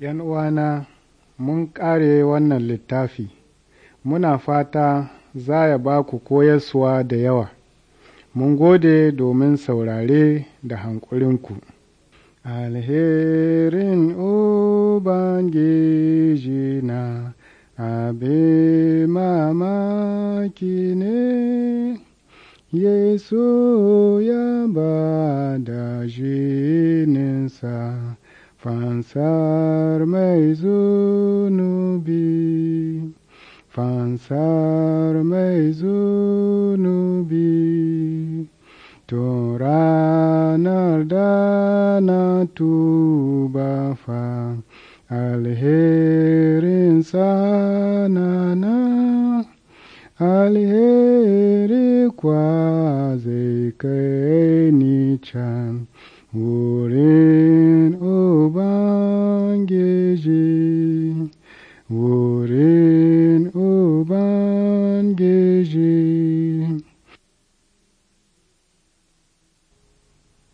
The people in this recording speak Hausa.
‘Yan uwana, mun ƙare wannan littafi, muna fata za ya ba ku koyaswa da yawa. Mun gode domin saurare da hankulinku. Alherin Ubangiji na abe mamaki ne, Yesu ya ba da jininsa. Fansar mei zunubi, fansar mei zunubi, to ranar tuba fa alherin sanana, alheri kwa nichan kai Urin uban gejin